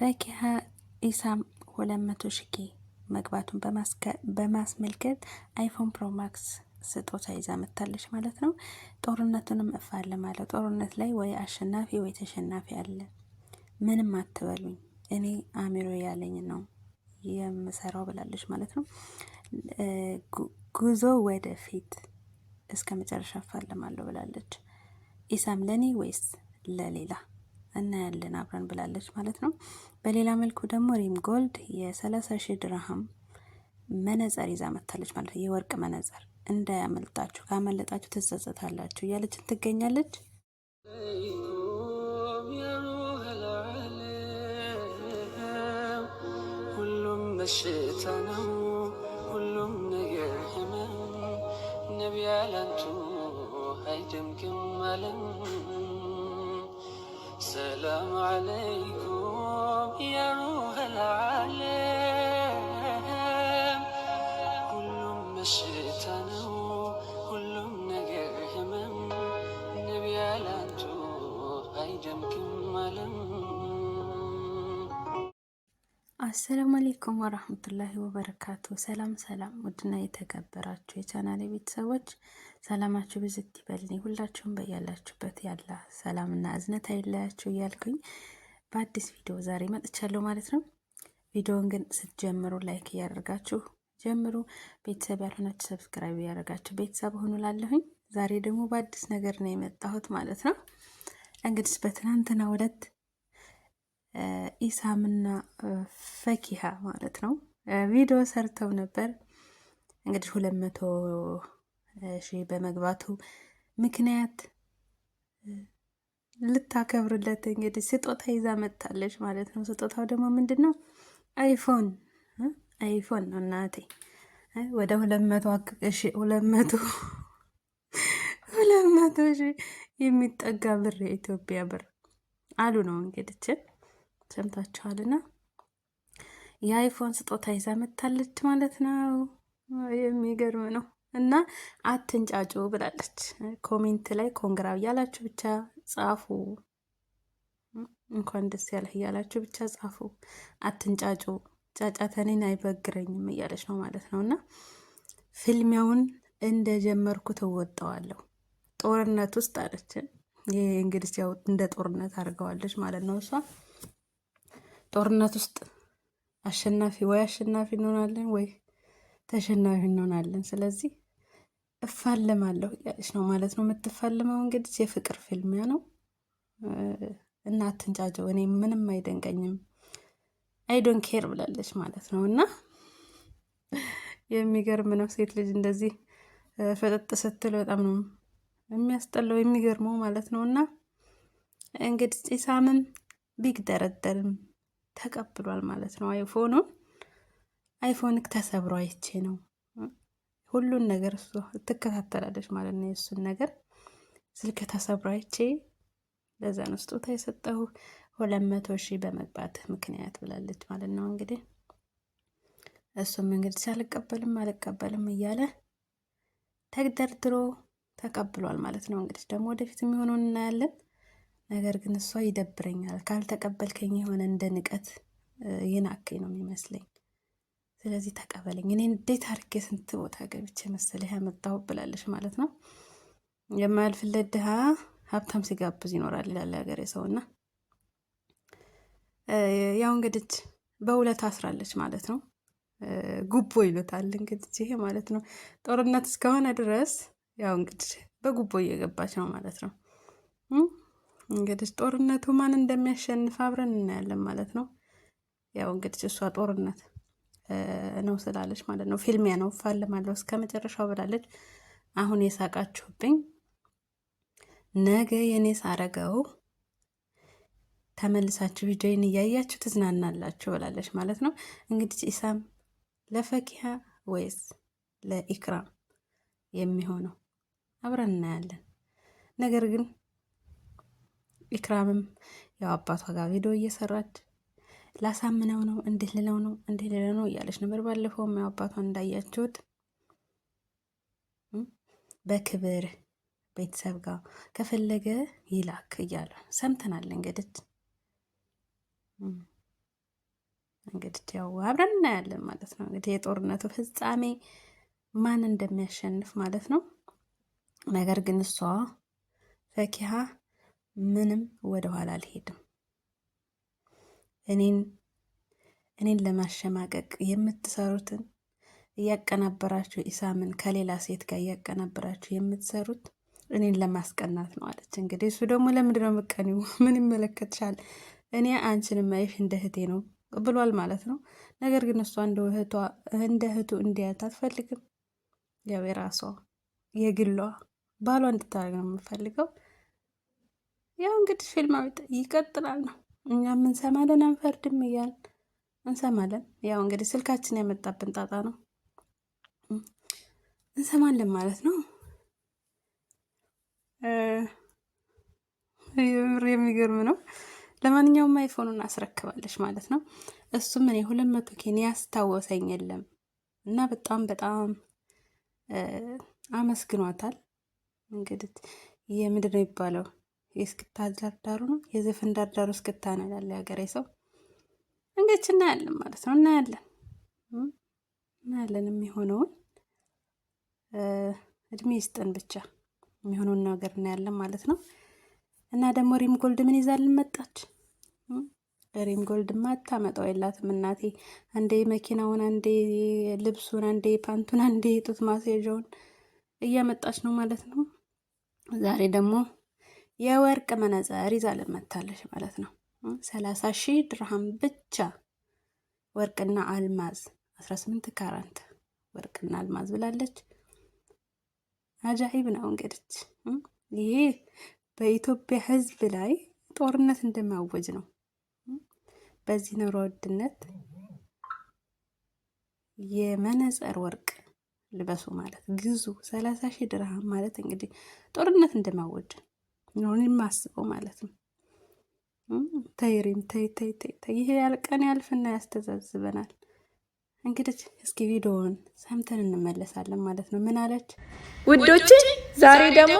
ፈኪሀ ኢሳም 200 ሺህ መግባቱን በማስመልከት አይፎን ፕሮማክስ ስጦታ ይዛ መታለች ማለት ነው። ጦርነቱንም እፋለ ማለት ጦርነት ላይ ወይ አሸናፊ ወይ ተሸናፊ አለ። ምንም አትበሉኝ፣ እኔ አሚሮ ያለኝ ነው የምሰራው ብላለች ማለት ነው። ጉዞ ወደፊት እስከ መጨረሻ እፋለማለሁ ብላለች። ኢሳም ለእኔ ወይስ ለሌላ? እናያለን አብረን ብላለች ማለት ነው። በሌላ መልኩ ደግሞ ሪም ጎልድ የሰላሳ ሺህ ድርሃም መነጸር ይዛ መታለች ማለት ነው። የወርቅ መነጸር እንዳያመልጣችሁ፣ ካመለጣችሁ ትጸጸታላችሁ እያለችን ትገኛለች። ሁሉም በሽታ ነው፣ ሁሉም ነገር ህመም፣ ነቢያ ላንቱ አይደምግም አለም ሰላም አለይኩም ያ ሩሐል ዓለም። ሁሉም በሽታ ነው፣ ሁሉም ነገር ህመም። ነቢያ ላንቱ አይደምቅም ዓለም አሰላሙ አሌይኩም ወራህመቱላሂ ወበረካቱ። ሰላም ሰላም፣ ውድና የተከበራችሁ የቻናል ቤተሰቦች ሰላማችሁ ብዝት ይበልኝ። ሁላችሁም በያላችሁበት ያለ ሰላምና እዝነት አይለያችሁ እያልኩኝ በአዲስ ቪዲዮ ዛሬ መጥቻለሁ ማለት ነው። ቪዲዮውን ግን ስትጀምሩ ላይክ እያደርጋችሁ ጀምሩ። ቤተሰብ ያልሆናችሁ ሰብስክራይብ እያደርጋችሁ ቤተሰብ ሆኑ ላለሁኝ። ዛሬ ደግሞ በአዲስ ነገር ነው የመጣሁት ማለት ነው። እንግዲህ በትናንትና ሁለት ኢሳምና ፈኪሃ ማለት ነው ቪዲዮ ሰርተው ነበር። እንግዲህ ሁለት መቶ ሺህ በመግባቱ ምክንያት ልታከብርለት እንግዲህ ስጦታ ይዛ መጥታለች ማለት ነው። ስጦታው ደግሞ ምንድን ነው? አይፎን አይፎን ነው እናቴ። ወደ ሁለት መቶ ሁለት መቶ ሺህ የሚጠጋ ብር የኢትዮጵያ ብር አሉ ነው እንግዲችን ሰምታችኋልና የአይፎን ስጦታ ይዛ መታለች ማለት ነው። የሚገርም ነው። እና አትንጫጩ ብላለች። ኮሜንት ላይ ኮንግራ እያላችሁ ብቻ ጻፉ። እንኳን ደስ ያለህ እያላችሁ ብቻ ጻፉ። አትንጫጩ፣ ጫጫተኔን አይበግረኝም እያለች ነው ማለት ነው። እና ፍልሚያውን እንደጀመርኩት ትወጠዋለሁ ጦርነት ውስጥ አለች። ይህ እንግዲህ ያው እንደ ጦርነት አድርገዋለች ማለት ነው እሷ ጦርነት ውስጥ አሸናፊ ወይ አሸናፊ እንሆናለን ወይ ተሸናፊ እንሆናለን። ስለዚህ እፋለማለሁ እያለች ነው ማለት ነው። የምትፋለመው እንግዲህ የፍቅር ፊልሚያ ነው እና አትንጫጨው፣ እኔ ምንም አይደንቀኝም አይዶን ኬር ብላለች ማለት ነው። እና የሚገርም ነው። ሴት ልጅ እንደዚህ ፈጠጥ ስትል በጣም ነው የሚያስጠላው የሚገርመው ማለት ነው። እና እንግዲህ ኢሳምም ቢግ ደረደርም ተቀብሏል ማለት ነው። አይፎኑን አይፎንክ ተሰብሮ አይቼ ነው ሁሉን ነገር እሱ ትከታተላለች ማለት ነው። የእሱን ነገር ስልክ ተሰብሮ አይቼ ለዛ ነው ስጦታ የሰጠሁ ሁለት መቶ ሺህ በመግባት ምክንያት ብላለች ማለት ነው። እንግዲህ እሱም እንግዲህ አልቀበልም አልቀበልም እያለ ተግደርድሮ ተቀብሏል ማለት ነው። እንግዲህ ደግሞ ወደፊት የሚሆነውን እናያለን። ነገር ግን እሷ ይደብረኛል። ካልተቀበልከኝ የሆነ እንደ ንቀት የናከኝ ነው የሚመስለኝ። ስለዚህ ተቀበለኝ። እኔ እንዴት አድርጌ ስንት ቦታ ገብቼ መሰለህ ያመጣሁ ብላለች ማለት ነው። የማያልፍለት ሀብታም ሲጋብዝ ይኖራል ይላል ሀገሬ ሰው እና ያው እንግዲህ በሁለት አስራለች ማለት ነው። ጉቦ ይሉታል እንግዲህ ይሄ ማለት ነው። ጦርነት እስከሆነ ድረስ ያው እንግዲህ በጉቦ እየገባች ነው ማለት ነው። እንግዲህ ጦርነቱ ማን እንደሚያሸንፍ አብረን እናያለን ማለት ነው። ያው እንግዲህ እሷ ጦርነት ነው ስላለች ማለት ነው። ፊልሚያ ነው ፋለማለሁ እስከ መጨረሻው ብላለች። አሁን የሳቃችሁብኝ ነገ የኔ ሳረገው ተመልሳችሁ ቪዲዮን እያያችሁ ትዝናናላችሁ ብላለች ማለት ነው። እንግዲህ ኢሳም ለፈኪያ ወይስ ለኢክራም የሚሆነው አብረን እናያለን። ነገር ግን ኢክራምም ያው አባቷ ጋር ቪዲዮ እየሰራች ላሳምነው ነው እንዲህ ልለው ነው እንዴት ልለው ነው እያለች ነበር። ባለፈውም ያው አባቷን እንዳያችሁት በክብር ቤተሰብ ጋር ከፈለገ ይላክ እያለ ሰምተናል። እንግዲህ እንግዲህ ያው አብረን እናያለን ማለት ነው። እንግዲህ የጦርነቱ ፍጻሜ ማን እንደሚያሸንፍ ማለት ነው። ነገር ግን እሷ ፈኪሀ ምንም ወደኋላ አልሄድም። እኔን እኔን ለማሸማቀቅ የምትሰሩትን እያቀናበራችሁ ኢሳምን ከሌላ ሴት ጋር እያቀናበራችሁ የምትሰሩት እኔን ለማስቀናት ነው አለች። እንግዲህ እሱ ደግሞ ለምንድን ነው የምትቀኒው? ምን ይመለከትሻል? እኔ አንቺን ማየሽ እንደ እህቴ ነው ብሏል ማለት ነው። ነገር ግን እሷ እንደ እህቷ እንደ እህቱ እንዲያት አትፈልግም። ያው የራሷ የግሏ ባሏ እንድታደርግ ነው የምፈልገው። ያው እንግዲህ ፊልም ይቀጥላል ነው። እኛም እንሰማለን አንፈርድም እያል እንሰማለን። ያው እንግዲህ ስልካችን ያመጣብን ጣጣ ነው። እንሰማለን ማለት ነው። የምር የሚገርም ነው። ለማንኛውም አይፎኑን አስረክባለች ማለት ነው። እሱም እኔ ሁለት መቶ ኬን ያስታወሰኝ የለም እና በጣም በጣም አመስግኗታል። እንግዲህ የምንድን ነው የሚባለው የስክታ ዳርዳሩ ነው የዘፈን ዳርዳሩ እስክታ ነው ያለ ሀገሬ ሰው እንግች እናያለን ማለት ነው። እናያለን እናያለን የሚሆነውን እድሜ ይስጠን ብቻ የሚሆነውን ነገር እናያለን ማለት ነው። እና ደግሞ ሪም ጎልድ ምን ይዛልን መጣች? ሪም ጎልድ ማታመጣው የላትም እናቴ። አንዴ መኪናውን፣ አንዴ ልብሱን፣ አንዴ ፓንቱን፣ አንዴ ጡት ማስያዣውን እያመጣች ነው ማለት ነው። ዛሬ ደግሞ የወርቅ መነጽር ይዛልን መታለች ማለት ነው። ሰላሳ ሺህ ድርሃም ብቻ ወርቅና አልማዝ 18 ካራንት ወርቅና አልማዝ ብላለች። አጃሂብ ነው እንግዲህ ይሄ በኢትዮጵያ ሕዝብ ላይ ጦርነት እንደማወጅ ነው። በዚህ ኑሮ ውድነት የመነጽር ወርቅ ልበሱ ማለት ግዙ። ሰላሳ ሺህ ድርሃም ማለት እንግዲህ ጦርነት እንደማወጅ ነሆን የማስበው ማለት ነው። ተይሪም ተይ ተይ ተይ፣ ይሄ ያልቀን ያልፍና ያስተዛዝበናል። እንግዲህ እስኪ ቪዲዮውን ሰምተን እንመለሳለን ማለት ነው። ምን አለች ውዶች? ዛሬ ደግሞ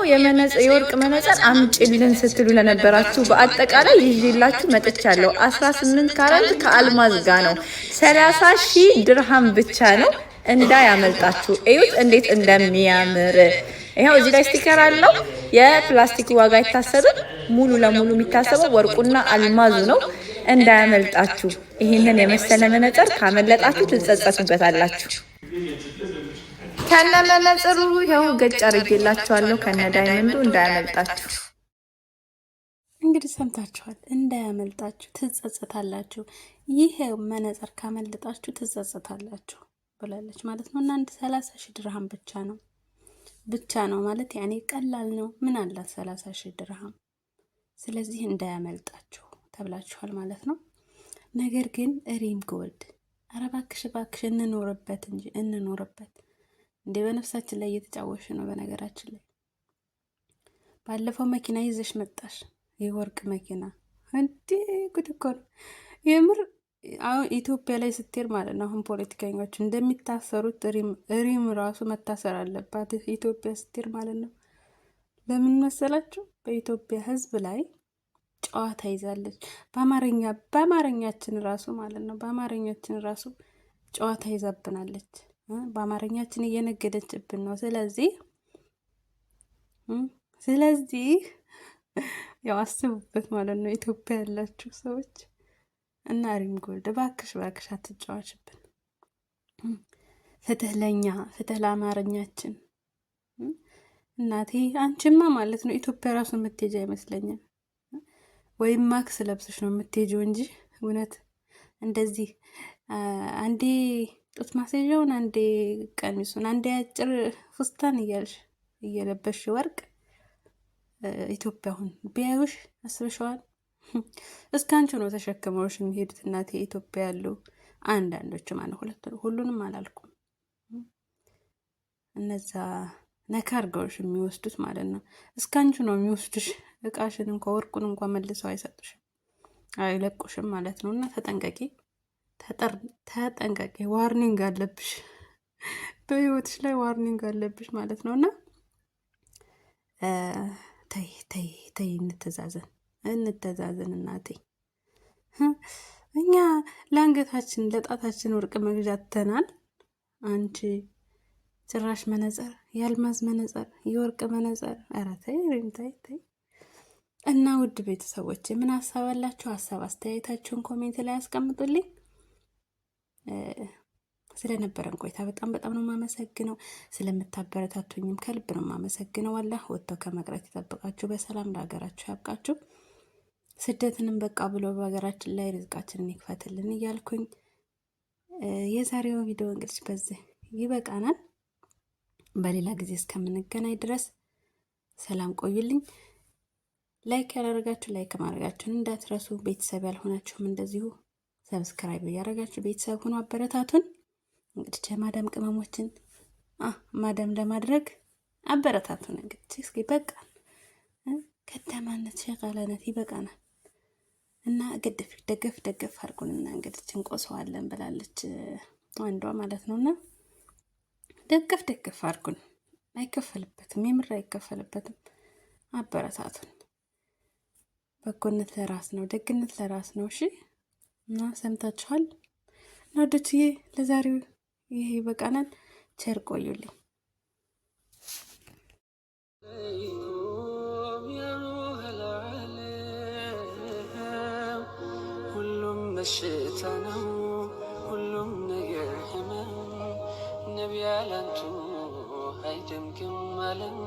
የወርቅ መነጸር አምጪልን ስትሉ ለነበራችሁ በአጠቃላይ ይዤላችሁ መጥቻለሁ። 18 ካራት ከአልማዝ ጋ ነው። 30 ሺህ ድርሃም ብቻ ነው። እንዳያመልጣችሁ። እዩት እንዴት እንደሚያምር ይኸው እዚህ ላይ ስቲከር አለው። የፕላስቲክ ዋጋ አይታሰብም። ሙሉ ለሙሉ የሚታሰበው ወርቁና አልማዙ ነው። እንዳያመልጣችሁ። ይህንን የመሰለ መነጽር ካመለጣችሁ ትጸጸቱበታላችሁ። ከነ መነጽሩ ይኸው ገጭ አርጌላችኋለሁ ከነ ዳይመንዱ እንዳያመልጣችሁ። እንግዲህ ሰምታችኋል። እንዳያመልጣችሁ ትጸጸታላችሁ። ይህ መነጽር ካመለጣችሁ ትጸጸታላችሁ ብላለች ማለት ነው። እና አንድ ሰላሳ ሺህ ድርሃም ብቻ ነው ብቻ ነው ማለት ያኔ ቀላል ነው። ምን አላት ሰላሳ ሺህ ድርሃም። ስለዚህ እንዳያመልጣችሁ ተብላችኋል ማለት ነው። ነገር ግን ሪም ጎልድ ኧረ እባክሽ እባክሽ እንኖርበት እንጂ እንኖርበት እንዴ! በነፍሳችን ላይ እየተጫወሽ ነው። በነገራችን ላይ ባለፈው መኪና ይዘሽ መጣሽ፣ የወርቅ መኪና እንዴ! ጉድ እኮ ነው የምር አሁን ኢትዮጵያ ላይ ስትሄድ ማለት ነው አሁን ፖለቲከኞች እንደሚታሰሩት ሪም ራሱ መታሰር አለባት። ኢትዮጵያ ስትሄድ ማለት ነው። ለምን መሰላችሁ? በኢትዮጵያ ሕዝብ ላይ ጨዋታ ይዛለች። በአማርኛ በአማርኛችን ራሱ ማለት ነው በአማርኛችን ራሱ ጨዋታ ይዛብናለች። በአማርኛችን እየነገደችብን ነው። ስለዚህ ስለዚህ ያው አስቡበት ማለት ነው ኢትዮጵያ ያላችሁ ሰዎች እና ሪንጎልድ እባክሽ እባክሽ አትጫዋችብን። ፍትህ ለእኛ ፍትህ ለአማርኛችን እናቴ። አንቺማ ማለት ነው ኢትዮጵያ ራሱ የምትሄጂ አይመስለኝም። ወይም ማክስ ለብሰሽ ነው የምትሄጂው እንጂ እውነት እንደዚህ አንዴ ጡት ማስያዣውን፣ አንዴ ቀሚሱን፣ አንዴ አጭር ፉስታን እያልሽ እየለበሽ ወርቅ ኢትዮጵያ ሁን ቢያዩሽ አስብሸዋል። እስከ አንቺ ነው ተሸክመውሽ የሚሄዱት እናቴ። ኢትዮጵያ ያሉ አንዳንዶች ማለ ሁለት ሁሉንም አላልኩም፣ እነዛ ነካ አድርገውሽ የሚወስዱት ማለት ነው። እስከ አንቺ ነው የሚወስዱሽ። እቃሽን እንኳ ወርቁን እንኳ መልሰው አይሰጡሽም፣ አይለቁሽም ማለት ነው። እና ተጠንቀቂ፣ ተጠንቀቂ። ዋርኒንግ አለብሽ፣ በህይወትሽ ላይ ዋርኒንግ አለብሽ ማለት ነው። እና ተይ ተይ ተይ እንተዛዘን እንተዛዘን እናቴ። እኛ ለአንገታችን ለጣታችን ወርቅ መግዣ ትተናል። አንቺ ጭራሽ መነጽር፣ የአልማዝ መነጽር፣ የወርቅ መነጽር። ኧረ ተይ ተይ ተይ። እና ውድ ቤተሰቦች ምን ሀሳብ አላችሁ? ሀሳብ አስተያየታችሁን ኮሜንት ላይ ያስቀምጡልኝ። ስለነበረን ቆይታ በጣም በጣም ነው የማመሰግነው። ስለምታበረታቱኝም ከልብ ነው የማመሰግነው። አላህ ወጥተው ከመቅረት ይጠብቃችሁ። በሰላም ለሀገራችሁ ያብቃችሁ። ስደትንም በቃ ብሎ በሀገራችን ላይ ርዝቃችንን ይክፈትልን እያልኩኝ የዛሬው ቪዲዮ እንግዲህ በዚህ ይበቃናል። በሌላ ጊዜ እስከምንገናኝ ድረስ ሰላም ቆዩልኝ። ላይክ ያላረጋችሁ ላይክ ማድረጋችሁን እንዳትረሱ። ቤተሰብ ያልሆናችሁም እንደዚሁ ሰብስክራይብ እያደረጋችሁ ቤተሰብ ሆኖ አበረታቱን። እንግዲህ የማዳም ቅመሞችን ማዳም ለማድረግ አበረታቱን። እንግዲህ እስኪ በቃ ከተማነት ሸቃላነት ይበቃናል። እና ግድፍ ደገፍ ደገፍ አድርጉንና እንግዲህ እንቆሰዋለን ብላለች አንዷ ማለት ነው። እና ደገፍ ደገፍ አድርጉን፣ አይከፈልበትም፣ የምር አይከፈልበትም። አበረታቱን። በጎነት ለራስ ነው፣ ደግነት ለራስ ነው። እሺ እና ሰምታችኋል። እና ወደችዬ ለዛሬው ይሄ ይበቃናል። ቸር ቆዩልኝ። በሽታ ነው ሁሉም ነገር ህመም ነቢ ያላንቱ አይደምግም አለም።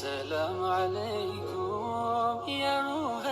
ሰላም አለይኩም ያሩህ